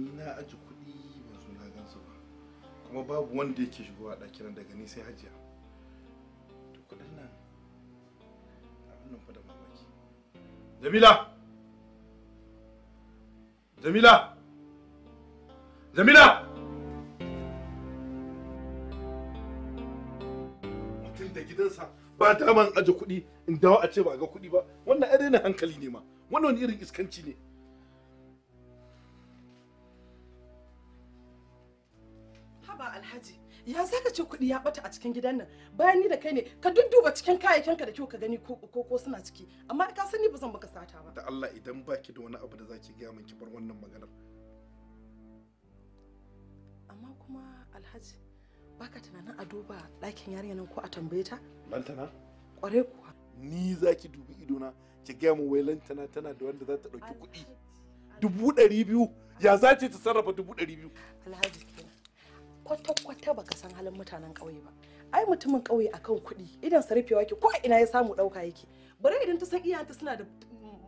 ni na aji kuɗi ban zo na gansu ba kuma babu wanda yake shigowa ɗakin nan daga ni sai hajiya to kuɗin nan a wannan fa da mamaki jamila jamila jamila mutum da gidansa ba daman aje kuɗi in dawo a ce ba ga kuɗi ba wannan ai hankali ne ma wannan irin iskanci ne ya za ka ce kuɗi ya ɓata a cikin gidan nan bayan ni da kai ne ka dudduba cikin kayayyakinka da kyau ka gani ko ko suna ciki amma ka sani ba zan baka sata ba da Allah idan baki da wani abu da zaki gaya min ki bar wannan maganar amma kuma Alhaji baka tunanin a duba ɗakin yarinya nan ko a tambaye ta lantana ƙware kuwa ni zaki dubi idona ki gaya min wai lantana tana da wanda za ta ɗauki kuɗi dubu ɗari biyu ya za ta sarrafa dubu ɗari biyu Alhaji kwata-kwata baka san halin mutanen ƙauye ba ai mutumin ƙauye akan kuɗi idan sarrafewa ke ko ina ya samu ɗauka yake bari idan ta san iyayenta suna da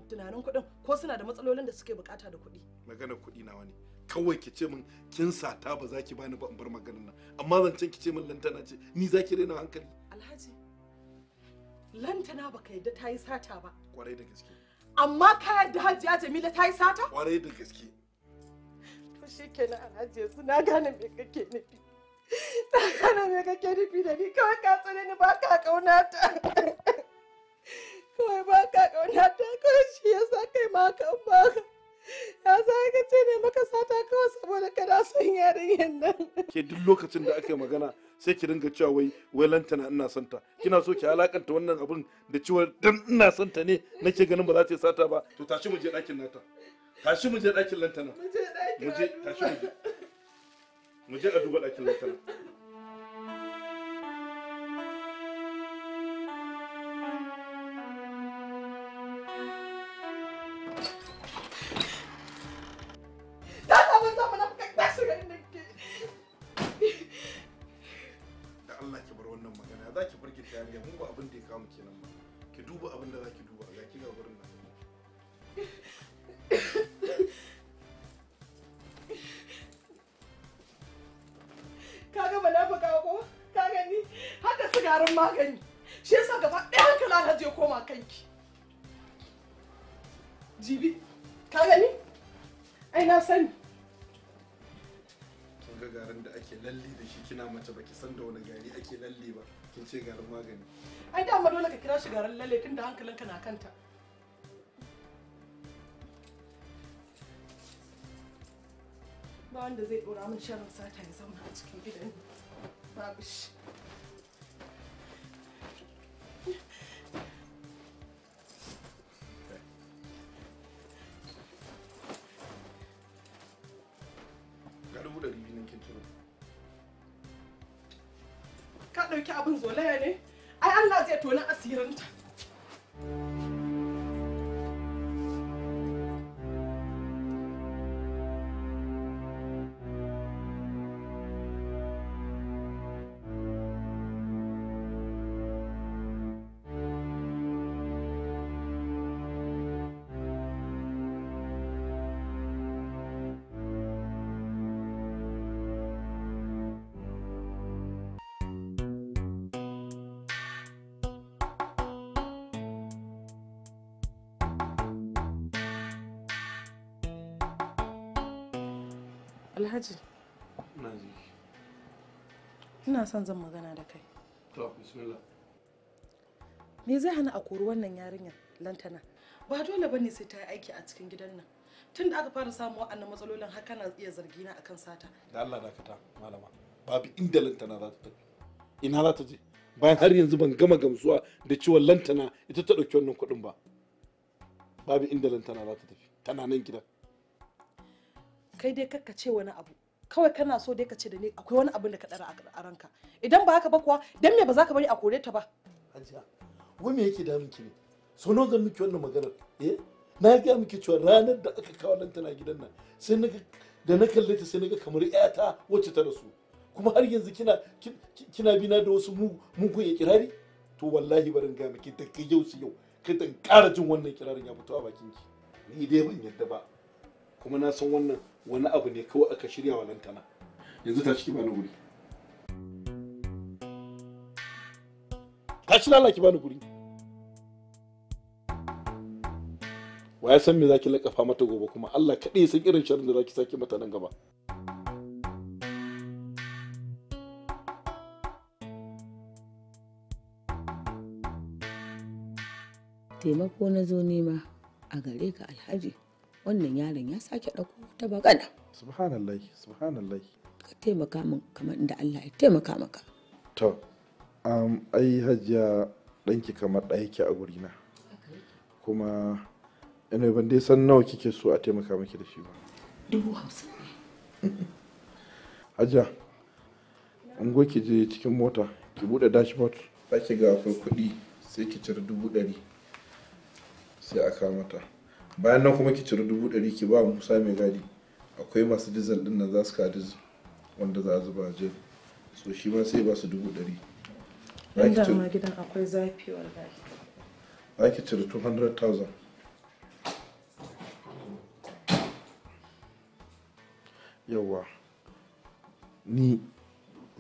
tunanin kuɗin ko suna da matsalolin da suke bukata da kuɗi maganar kuɗi na wani kawai ki ce min kin sata ba za ki bani ba in bar maganar nan amma zancen ki ce min lantana ce ni za ki raina hankali alhaji lantana baka yadda ta yi sata ba kwarai da gaske amma ka yadda hajiya jamila ta yi sata kwarai da gaske fushi kenan ajiye su na gane me kake nufi na gane me kake nufi da ni kawai ka tsare ni ba ka kauna ta kawai ba ka kauna ta kawai shi ya sa kai ma kan ba ya sa ka ce ne maka sata kawai saboda kana son yarinyar nan ke duk lokacin da aka magana sai ki dinga cewa wai wai lantana ina son ta kina so ki alakanta wannan abin da cewa dan ina son ta ne nake ganin ba za ta yi sata ba to tashi mu je ɗakin nata tashi mu je ɗakin lantana mu je tashi mu je mu je a duba ɗakin lantana yaran magani shi yasa gaba ɗaya hankali alhaji ya koma kanki jibi ka gani ai na sani kin ga garin da ake lalle da shi kina mace baki san da wani gari ake lalle ba kin ce garin magani ai dama dole ka kira shi garin lalle tun tunda hankalinka na kanta ba wanda zai dora min shirin sata ya zauna a cikin gidan babu shi ɗari biyu nake turo ka ɗauki abin zolaya ne ai Allah zai tona asirinta Alhaji. Ina ji. Ina son zan magana da kai. To, bismillah. Me zai hana a kori wannan yarinyar lantana? Ba dole bane sai ta yi aiki a cikin gidan nan. Tun da aka fara samu wa'annan matsalolin har kana iya zargi na akan sata. Da Allah dakata, malama. Babu inda lantana za ta tafi. Ina za ta je? Bayan har yanzu ban gama gamsuwa da ciwon lantana ita ta ɗauki wannan kuɗin ba. Babu inda lantana za ta tafi. Tana nan gidan. kai dai kakka ce wani abu kawai kana so dai ka ce da ni akwai wani abin da ka dara a ranka idan ba haka ba kuwa dan me ba za ka bari a kore ta ba hajiya wai me yake da ki ne so nawa zan miki wannan magana eh na ga miki cewa ranar da aka kawo nan tana gidan nan sai na da na kalle ta sai naga kamar kamar ta wacce ta rasu kuma har yanzu kina kina bina da wasu mugun ya kirari to wallahi barin ga miki da kai yau su yau kai dan ƙara jin wannan kirarin ya fito a bakin ki ni dai ban yadda ba kuma na san wannan wani abu ne kawai aka shirya wa lantana yanzu ta ciki bani guri ta ci lalaki bani guri wa ya san me zaki lakafa mata gobe kuma Allah kaɗai san irin sharrin da zaki saki mata nan gaba taimako na zo nema a gare ka alhaji wannan yaron ya sake ɗauko ta bakana subhanallah subhanallah ka taimaka min kamar inda Allah ya taimaka maka to um, ai hajiya ɗanki kamar ɗaya ke a gurina kuma ina ban dai san nawa kike so a taimaka miki da shi ba dubu hamsin hajiya an goke je cikin mota ki buɗe dashboard za ki ga akwai kuɗi sai ki cire dubu ɗari sai a kawo mata bayan nan kuma ki ciri dubu ɗari ki ba musa mai gadi akwai masu dizal din nan za su ka dizal wanda za a zuba a jeri so shi ma sai ba su dubu ɗari yanda ma gidan akwai zafi wallahi za ki ciri 200,000 yawa ni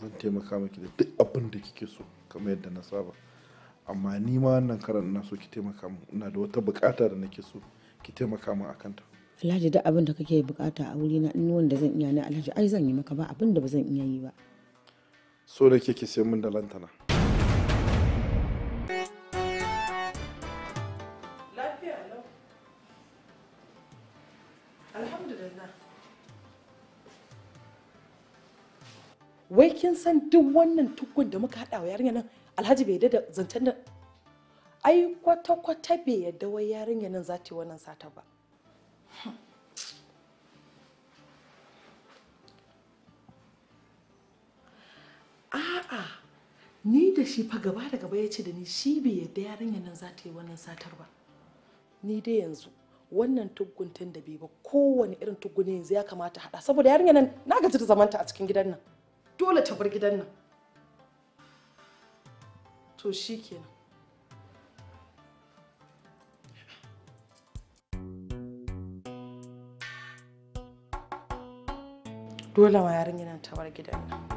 zan taimaka miki da duk abin da kike so kamar yadda na saba amma ni ma wannan karan na so ki taimaka min ina da wata bukata da nake so ki taimaka min a kanta. Alhaji duk abin da kake bukata a wurina in wanda zan iya na Alhaji ai zan yi maka ba abin da ba zan iya yi ba so da ke sai min da lantana Wai kin san duk wannan tukun da muka haɗa wa yarinya nan Alhaji bai da zancen da ai kwata-kwata bai yadda wai yarinya nan za ta yi wannan sata ba a'a ni da shi fa gaba da gaba ya ce da ni shi bai yadda yarinya nan za ta yi wannan satar ba ni dai yanzu wannan tuguntun da bai ba kowane irin tuguni yanzu ya kamata hada saboda yarinya nan na gaji da zamanta a cikin gidan nan dole ta bar gidan nan to shikenan dole ma yarinyar nan ta bar gidan nan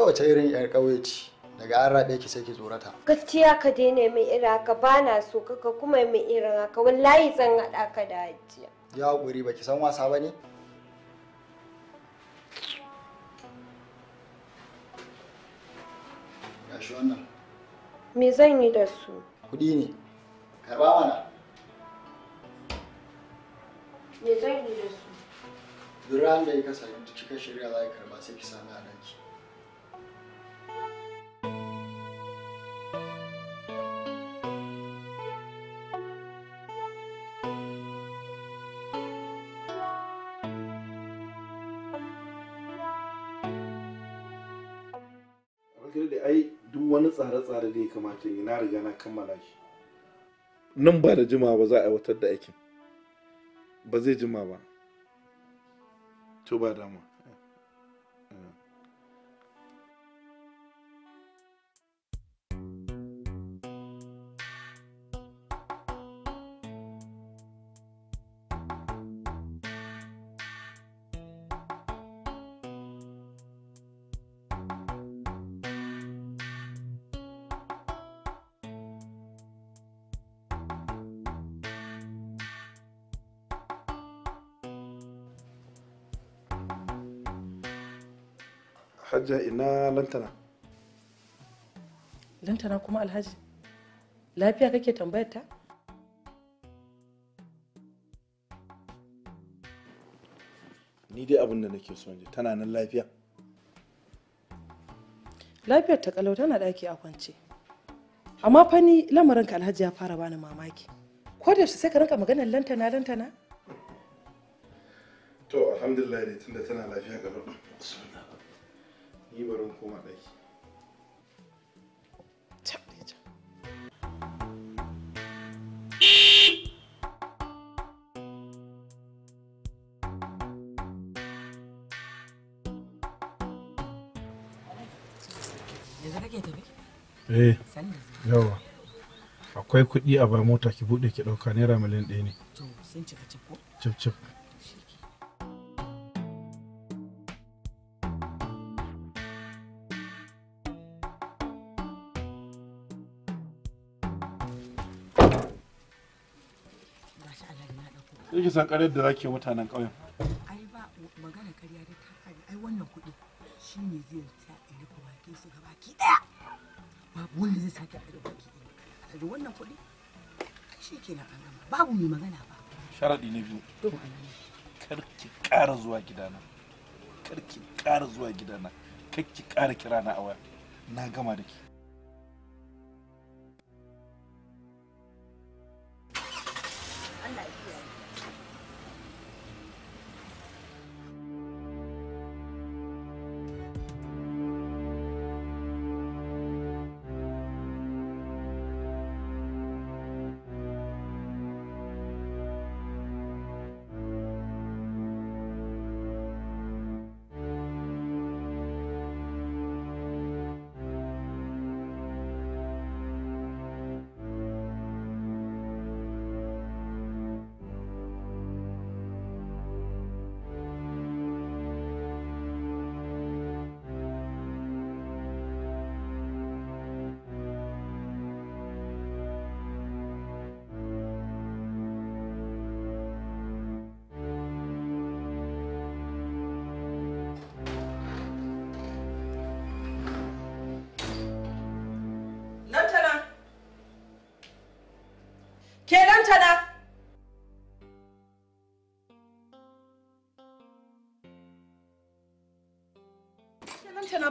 wace irin yar ƙauye ce daga an raɓe ki sai ki tsorata gaskiya ka daina mai irin haka ba na so kaka kuma mai irin haka wallahi zan haɗa ka da hajiya ya haƙuri ba ki san wasa ba ne shi wannan me zan yi da su kuɗi ne karɓa mana me zan yi da su duk ranar da kika shirya za ki karɓa sai ki sami a ranki tsare-tsare da ya kamata yi na riga na kammala shi nan ba da jima ba za a aiwatar da aikin ba zai jima ba to ba dama hajja ina lantana lantana kuma alhaji lafiya kake tambayar ta ni dai abin da nake so ne tana nan lafiya lafiyar ta kalau tana daki a kwance amma fa ni lamarin ka alhaji ya fara bani mamaki ko da shi sai ka rinka maganar lantana lantana to alhamdulillah dai tunda tana lafiya gaba ni barin Eh, yawa. Akwai kuɗi a ba mota ki buɗe ki ɗauka naira miliyan ɗaya ne. To, sun cika cif ko? Cif san karar da zake mutanen ƙauyen ai ba magana ƙarya da ta ai wannan kuɗi shine zai ta ina ko bakin su baki daya babu wanda zai sake a baki da wannan kuɗi shi kenan an gama babu mai magana ba sharaɗi na biyu kar ki ƙara zuwa gidana kar ki ƙara zuwa gidana kar ki ƙara kirana a waya na gama da ki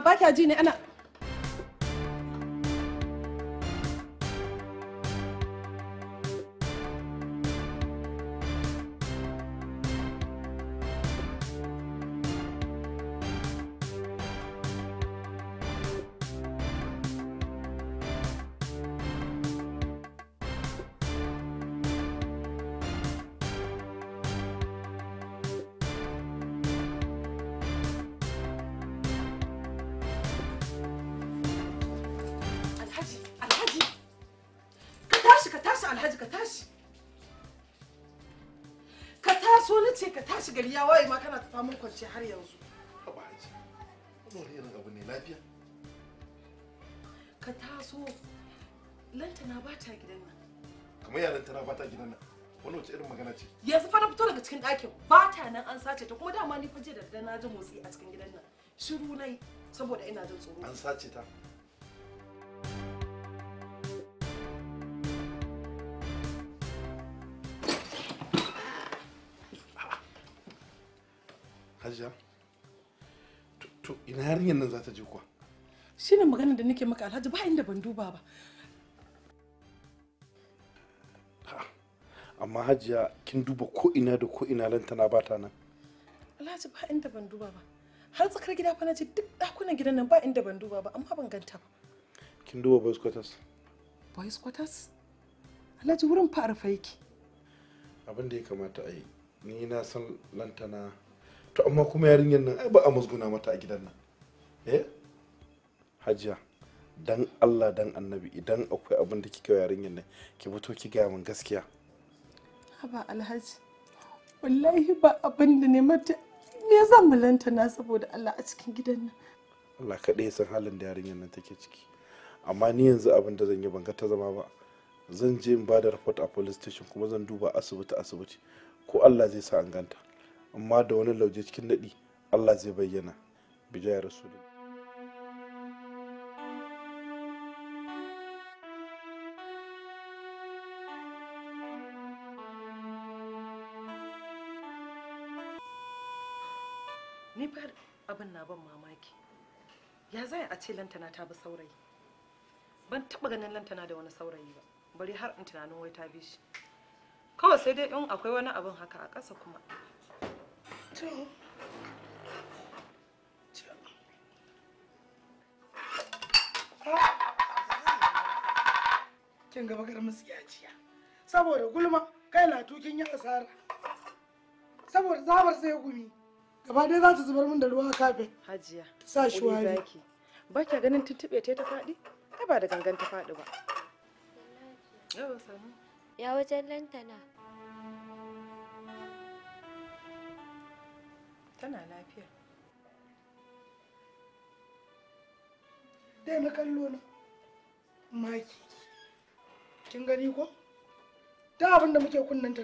ba kya ji ne ana alhaji ka tashi ka taso na ce ka tashi gari ya waye ma kana tafa mun kwanci har yanzu haba haji wani irin abu ne lafiya ka taso lantana ba ta gidan nan kamar ya lantana ba ta gidan nan wani wace irin magana ce yanzu fa na fito daga cikin ɗakin ba ta nan an sace ta kuma dama ni fa jiya da na ji motsi a cikin gidan nan shiru nai saboda ina jin tsoro an sace ta to ina yarinyar nan za ta je kuwa shi ne maganar da nake maka alhaji ba inda ban duba ba amma hajiya kin duba ko ina da ko ina lan tana bata nan alhaji ba inda ban duba ba har tsakar gida fa naje duk dakunan gidan nan ba inda ban duba ba amma ban ganta ba kin duba boys quarters boys quarters alhaji wurin fa arfa yake abin da ya kamata a yi ni na san lantana to amma kuma yarinyar nan ai ba a musguna mata a gidan nan eh hajiya dan Allah dan annabi idan akwai abin da kike yarinyar nan ki fito ki gaya min gaskiya haba alhaji wallahi ba abin da ne mata me zan mulanta na saboda Allah a cikin gidan nan Allah kaɗai san halin da yarinyar nan take ciki amma ni yanzu abin da zan yi ban ga ta zama ba zan je in ba da report a police station kuma zan duba asibiti asibiti ko Allah zai sa an ganta amma da wani lauje cikin daɗi allah zai bayyana bijaya rasulullah ni fa abin na ban mamaki ya zai a ce lantana ta bi saurayi ban taba ganin lantana da wani saurayi ba bari har in tunanin wai ta bi shi kawai sai dai in akwai wani abin haka a ƙasa kuma Kin gaba bakar musiyaciya. Saboda gulma kai na tukin yi asara. Saboda zabar sai gumi. Gaba dai za ta zubar min da ruwa kafin. Hajiya. Sa shi wari. Ba kya ganin tuntuɓe ta ta faɗi? Ai ba da gangan ta faɗi ba. Ya wajen lantana. tana lafiya dai na kallo na maki kin gani ko da abin da muke kunnen ta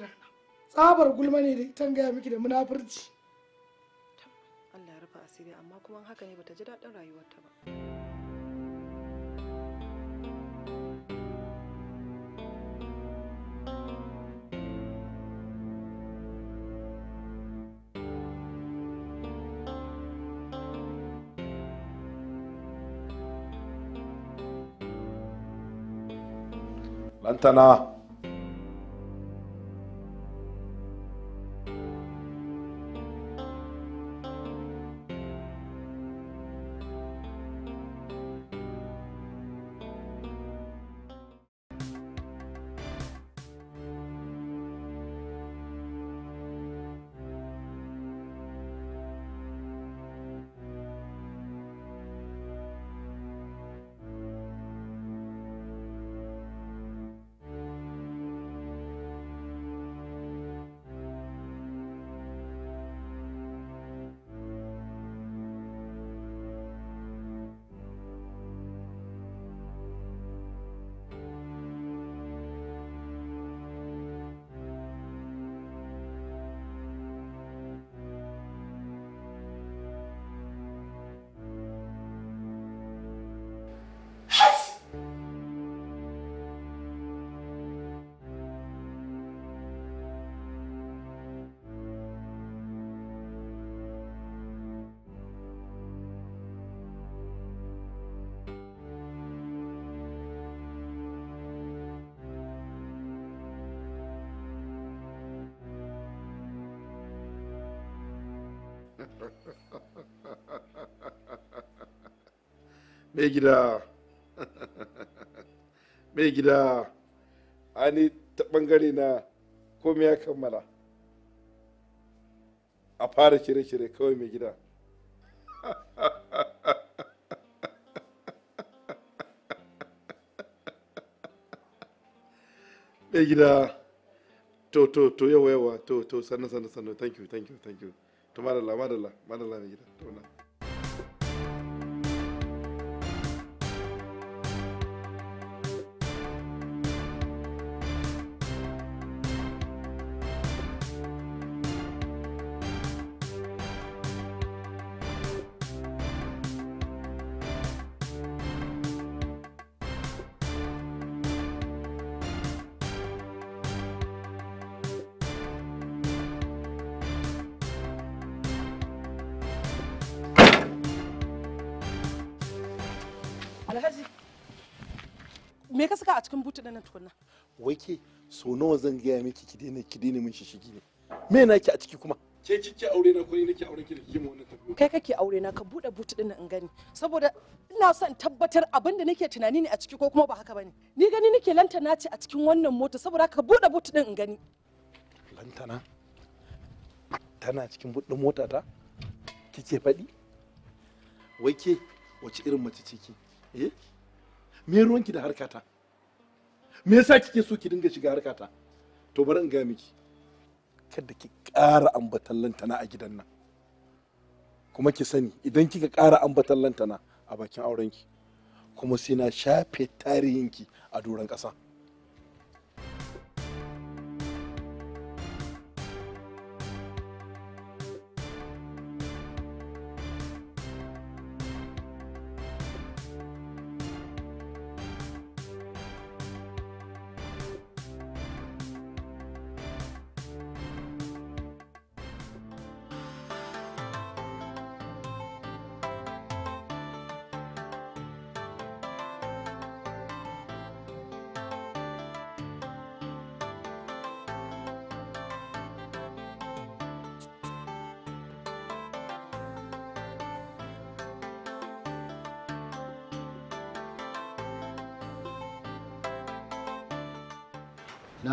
tsabar gulma ne da ita gaya miki da munafurci Allah ya rufa asiri amma kuma haka ne bata ji daɗin rayuwarta ba أنت أنا Me gida me gida ani ta bangare na komai ya kammala a fara cire-cire kawai me gida me gida to to to yawa yawa to to sannan sannan sannan thank you thank you thank you tomar la, márala, márala, mira, toma. alhaji me ka saka a cikin butu ɗin tukunna wai ke so nawa zan gaya miki ki daina ki daina min shishigi ne me na ki a ciki kuma ke kike aure na ko ni nake aure ki da kike wannan tafiya kai kake aure na ka bude butu ɗin in gani saboda ina son tabbatar abin da nake tunani ne a ciki ko kuma ba haka bane ni gani nake lantana ce a cikin wannan mota saboda ka bude butu ɗin in gani lantana tana cikin buɗin mota ta kike faɗi wai ke wace irin mace ce ke Me eh? me ruwanki da harkata me yasa kike so ki dinga shiga harkata to bari in ga miki kada ki ƙara ambatan lantana a gidan nan kuma ki sani idan kika ƙara ambatan lantana a bakin aurenki kuma sai na shafe tarihinki a doron ƙasa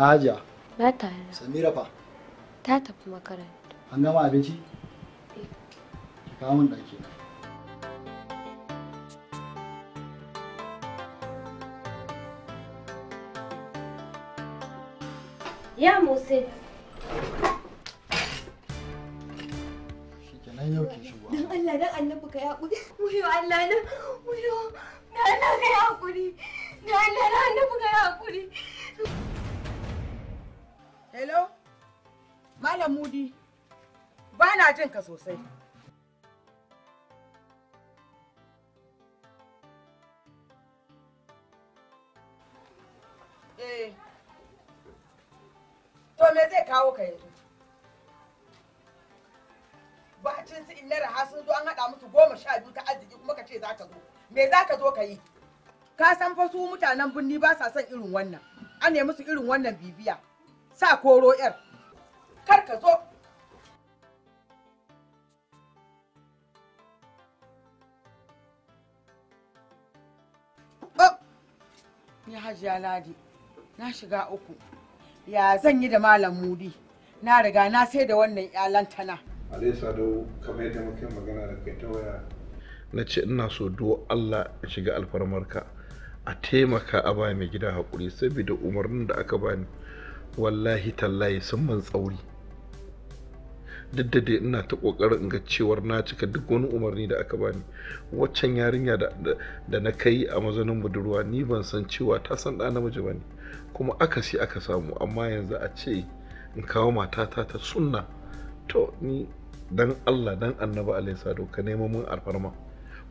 Hajiya. Ba ta yi. Samira fa. Ta tafi makaranta. An gama abinci? Eh. Ki kawo min ɗaki Ya Musa. Shikenan yau ki shigo. Allah dan Allah ka yaƙuri. Muyo Allah na muyo. Dan Allah ka Allah Allah ka Hello? Malam Mudi, ba na jin ka sosai. Eh. To me zai kawo ka yanzu? Bacin su in raha sun zo an haɗa musu goma sha biyu ta arziki kuma ka ce za ka zo. Me za ka zo ka yi? Ka san fa su mutanen birni ba sa son irin wannan. An nemi irin wannan bibiya. sa koro yar kar ka zo ni hajiya ladi na shiga uku ya zan yi da malam mudi na riga na sai da wannan yalan alisa do kamar yadda muke magana da kai ta waya na ce ina so do allah ya shiga alfarmarka a taimaka a ba mai gida haƙuri saboda umarnin da aka bani wallahi tallahi sun man tsauri duk da dai ina ta kokarin in ga cewar na cika duk wani umarni da aka bani waccan yarinya da na kai a mazanin budurwa ni ban san cewa ta san ɗa namiji ba ne kuma aka si aka samu amma yanzu a ce in kawo matata ta sunna to ni dan allah dan annabi alaihi do ka nemo mun alfarma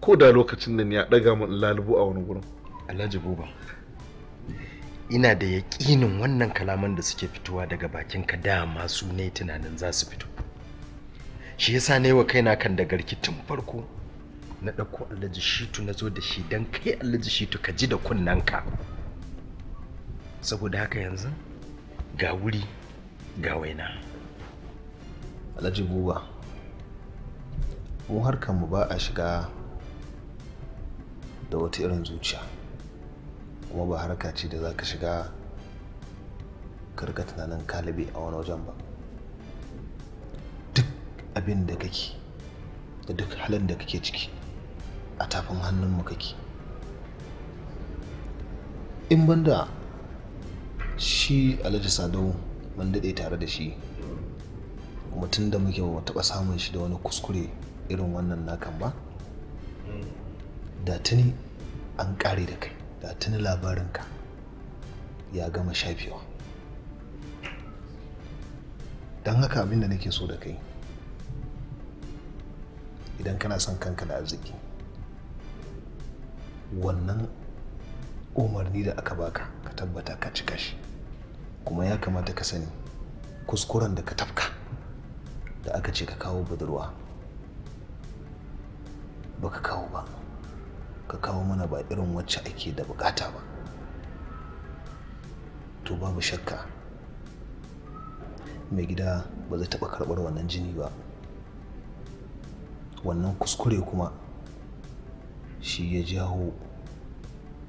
ko da lokacin da ni ya ɗaga min lalubu a wani gurin alhaji buba ina da yaƙinin wannan kalaman da suke fitowa daga bakin ka dama su ne tunanin za su fito shi yasa ne wa kaina kan da garki tun farko na ɗauko alhaji shitu na zo da shi don kai alhaji shitu ka ji da kunnanka saboda haka yanzu ga wuri ga waina alhaji buwa mu harkar mu ba a shiga da wata irin zuciya kuma ba harka ce da za ka shiga karka tunanin kalibi a wani wajen ba duk abin da kake da duk halin da kake ciki a tafin hannunmu kake in banda shi alhaji sadau mun daɗe tare da shi mutum da muke ba taɓa samun shi da wani kuskure irin wannan nakan ba da tuni an kare da kai da tuni ka ya gama shafewa don haka abin da nake so da kai idan kana son kanka da arziki wannan umarni da aka baka ka tabbata ka cika shi kuma ya kamata ka sani kuskuren da ka tafka da aka ce ka kawo budurwa baka kawo ba ka kawo mana ba irin wacce ake da bukata ba to babu shakka mai gida ba zai taɓa karɓar wannan jini ba wannan kuskure kuma shi ya jawo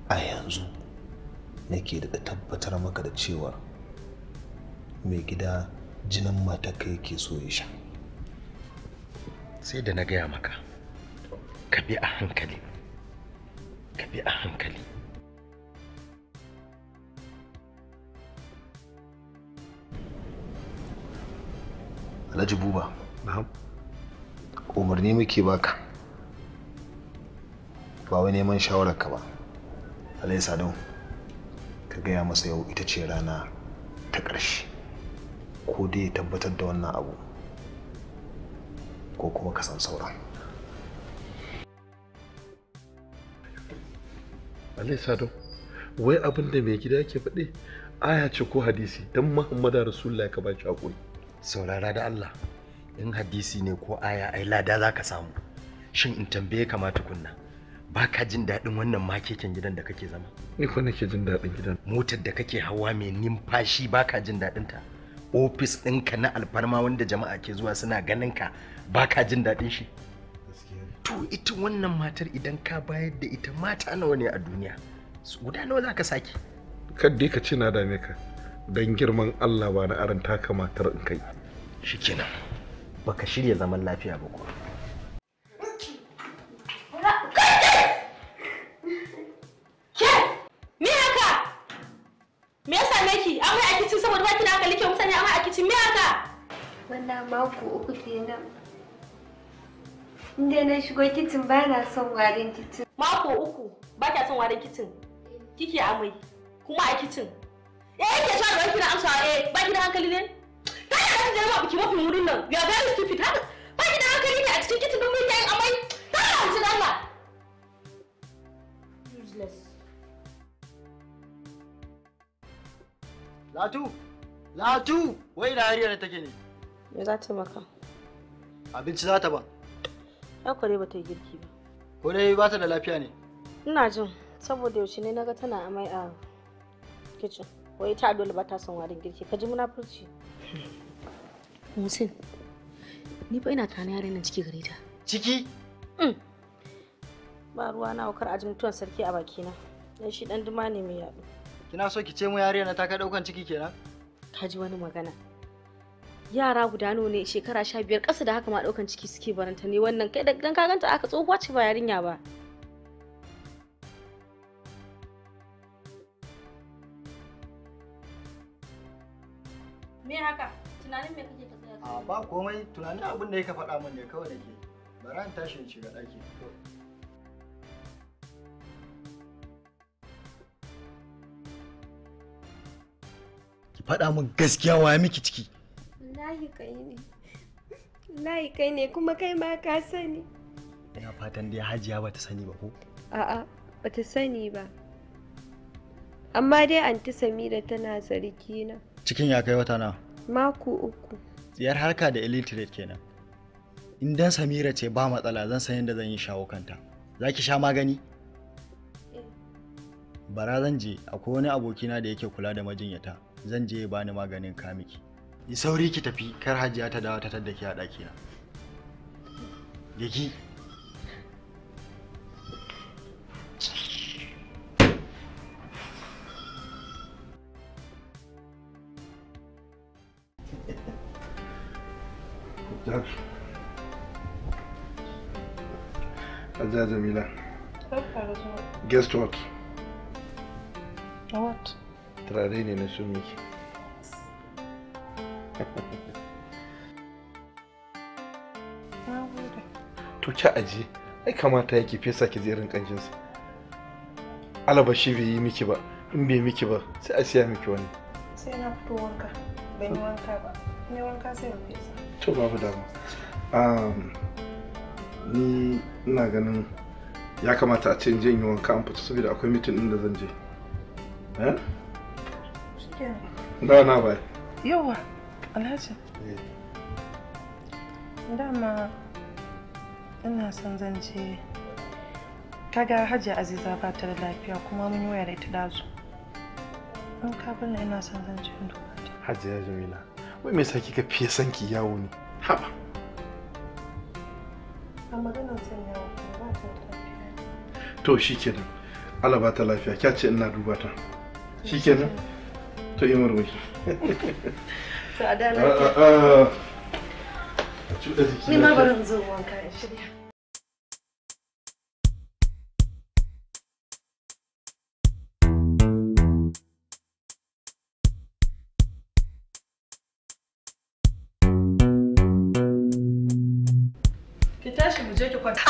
a yanzu nake da tabbatar maka da cewa mai gida jinin matarka yake so ya sha sai da na gaya maka ka bi a hankali ka bi a hankali alhaji buba umarni muke baka ba wai neman shawararka ba alai sadau ka gaya masa yau ita ce rana ta ƙarshe ko dai ya tabbatar da wannan abu ko kuma ka san sauran alai Sadau, wai abin da mai gida ke faɗi aya ce ko hadisi dan muhammadu rasulullahi ka baci hakuri saurara da allah in hadisi ne ko aya ai lada za ka samu shin in tambaye ka ma tukunna ba ka jin daɗin wannan makeken gidan da kake zama ni ko nake jin daɗin gidan motar da kake hawa mai numfashi ba ka jin daɗin ta ofis ɗinka na alfarma wanda jama'a ke zuwa suna ganin ka ba ka jin daɗin shi to ita wannan matar idan ka bayar da ita mata nawa ne a duniya guda nawa za ka sake kadai ka ce na dame ka don girman allah ba na aran taka matar in kai shikenan baka shirya zaman lafiya ba ko. me yasa meki amai a kicin saboda ba kina aka like mutane amai a kicin me haka wannan mako uku kenan Inde na shigo kitin ba na son warin kitin. Mako uku ba kya son warin kitin. Kike amai kuma a kitin. Eh yake sha da wani kina amsa eh ba ki da hankali ne? Ta yi da jama'a ki mafi wurin nan. Ga gari stupid haka. Ba ki da hankali ne a cikin kitin don mai yin amai. Ta yi hankali Allah. Useless. Latu! Latu! Wai da hariyar take ne? Me za ta maka? Abinci za ta ba. Yakware ba ta yi girki ba. Ko dai ba ta da lafiya ne? Ina jin saboda yaushe ne naga tana amai a kitchen. Wai ta dole ba ta son warin girki. Ka ji munafurci. Musin, ni fa ina tunanin yaran nan ciki gare ta. Ciki? Mm. Ba ruwa na kar a ji mutuwan sarki a bakina. Dan shi dan duma ne mai yaɗo. Kina so ki ce mu yariya na ta ka daukan ciki kenan? Ka ji wani magana. yara guda nawa ne shekara sha biyar ƙasa da haka ma ɗaukan ciki suke baranta ne wannan kai dan ka ganta aka tsohuwa ce ba yarinya ba me haka tunanin me kake ka tsaya a ba komai tunanin abin da ya yake faɗa min ne kawai da ke, bari an tashi in shiga ɗaki ki faɗa min gaskiya waya miki ciki na kai ne kai ne kuma kai ma ka sani ina fatan dai hajiya bata sani ba ko a'a bata sani ba amma dai anti samira tana zargi na cikin ya kai wata na mako uku tsiyar harka da illiterate kenan in dan samira ce ba matsala zan san yadda zan yi shawo kanta za ki sha magani eh. bara zan je akwai wani abokina da yake kula da majinyata zan je ya bani maganin kamiki yi sauri ki tafi kar hajiya ta dawo ta tadda ki a daki na yaki Jamila. Guess what? What? Turare ne na sun miki. to ki aje ai kamata yake fesa ki jerin kanjinsa alaba shi bai yi miki ba in bai miki ba sai a siya miki wani sai na fito wanka bai yi wanka ba ne wanka sai in fesa to babu dama ni ina ganin ya kamata a ce in je in yi wanka an fita saboda akwai mitin din da zan je eh? Shikenan. Da na bai. Yawa. alhaji eh. dama ina son zan je kaga Hajiya aziza ba ta da lafiya kuma mun yi wayar da ita dazu in ka bani ina son zan je in duba ta hajji ya jamila wai me yasa kika fiye son ki yawo ne haba a magana son yawo ba ta da lafiya to shikenan Allah ba ta lafiya kya ce ina duba ta shikenan to yi murmushi E, e, e, Ni ma barin zo wanka in shirya. Ki tashi mu je ki kwanta.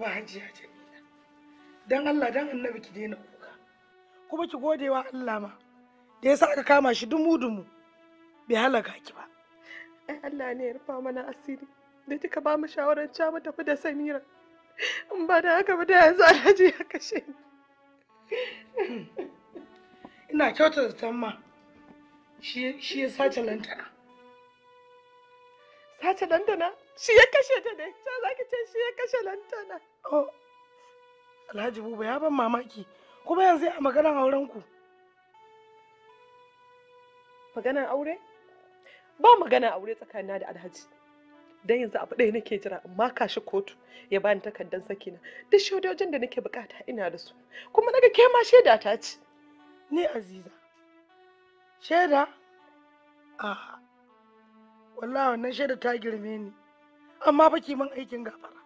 kuma hajiya jamila dan allah dan annabi ki daina kuka kuma ki gode wa allah ma da yasa aka kama shi dumu dumu bai halaka ki ba ai allah ne ya rufa mana asiri da kika ba mu shawarar ca mu tafi da samira in ba da haka ba da yanzu alhaji ya kashe ni ina kyautata tamma shi ya sace lantana sace lantana shi ya kashe ta ne ta za ki ce shi ya kashe lantana oh alhaji buba ya ban mamaki kuma yanzu a maganar auren ku maganar aure ba magana aure tsakanina da alhaji dan yanzu abu ɗaya nake jira amma kashi kotu ya bani takardar sakina duk shaidojin da nake bukata ina da su kuma naga ke ma shaida ta ci ni aziza shaida a wallahi wannan shaida ta girme ni amma fa kiman aikin gafara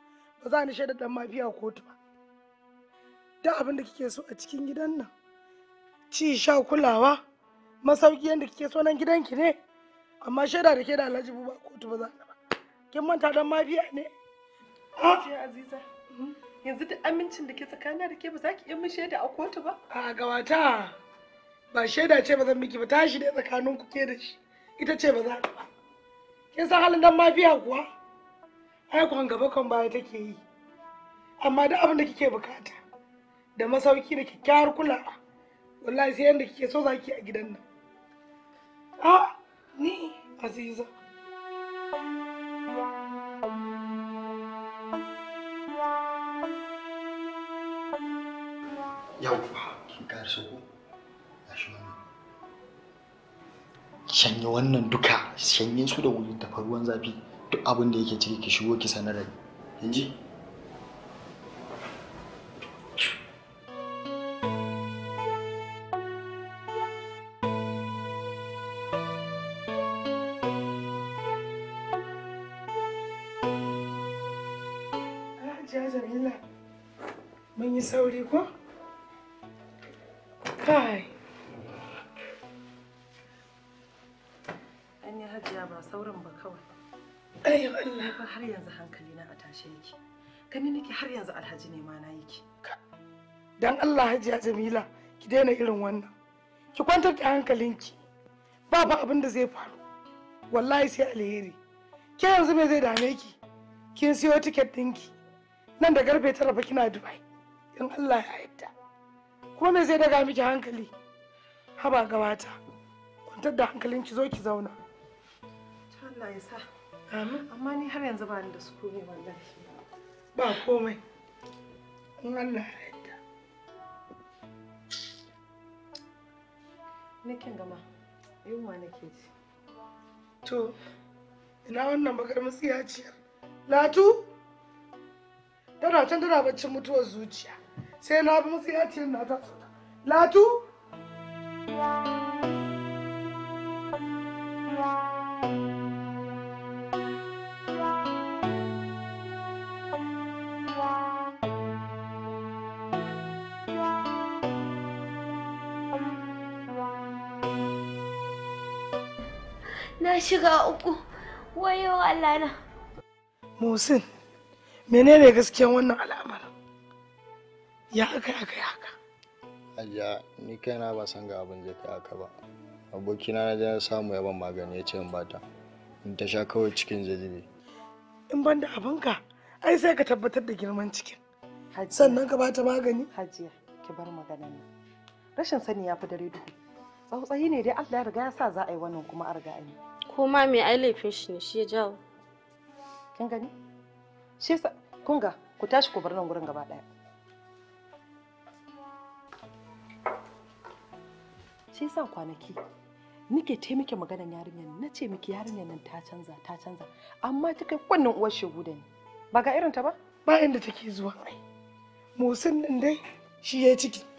ba za ni shaida dan mafiya kotu ba da abin da kike so a cikin gidan nan ci sha kulawa masauki yadda kike so nan gidanki ne amma shaida da ke da alhaji ba kotu ba za ni ba kin manta dan mafiya ne ce ah! aziza hmm? yanzu da amincin da ke tsakanin da ke ba za ki iya min shaida a kotu ba a gawata ba shaida ce ba zan miki ba tashi ne tsakanin ku ke da shi ita ce ba za ta ba kin san halin dan mafiya kuwa ai kwan gaba kan baya take yi amma da abin da kike bukata da masauki da kyakkyawar kula wallahi sai yanda kike so zaki a gidan nan a ni aziza ba kin karso ko shanye wannan duka shanye su da wuri tafa ruwan zafi duk abin da yake ciki ki shigo ki sanar da ni yanzu Jamila, mun yi sauri ko? Wayo Allah. har yanzu hankali a tashe yake. Gani nake har yanzu Alhaji ne ma na yake. Dan Allah Hajiya Jamila ki daina irin wannan. Ki kwantar da hankalinki. Babu abin da zai faru. Wallahi sai alheri. Ke yanzu me zai dame ki? Kin siyo tiket ɗinki. Nan da garbe tara fa kina Dubai. In Allah ya yarda. Kuma me zai daga miki hankali? Haba gabata. Kwantar da hankalinki zo ki zauna. Allah ya sa. Amma ni har yanzu ba ni da sukuni wallahi. Ba komai. In Allah ya yarda. Nikin gama, yunwa nake ji. To, ina wannan bakar musiyaciyar. Latu? Tana can tana baccin mutuwar zuciya. Sai na bi matsiyaciyar na ta Latu? na shiga uku wayo Allah na Musin menene gaskiyar wannan al'amarin ya aka kai haka Ajiya ni kaina ba san ga abin zai kai haka ba abokina na je na samu yaban magani ya ce in bata in ta sha kawai cikin jajiri. in ban da abinka ai sai ka tabbatar da girman cikin sannan ka bata magani hajiya ki bar maganan nan rashin sani ya fi dare duhu tsautsayi ne dai Allah ya riga ya sa za a yi wannan kuma a riga an yi Kuma mai ai laifin shi ne shi ya jawo. Kin gani? Shi yasa kun ga ku tashi ku bar nan gurin gaba daya. Shi yasa kwanaki nike te miki maganar yarinyar na ce miki yarinyar nan ta canza ta canza amma ta kai kunnin uwar shegu da ni ba ga irinta ba ba inda take zuwa Musin nan dai shi ya ciki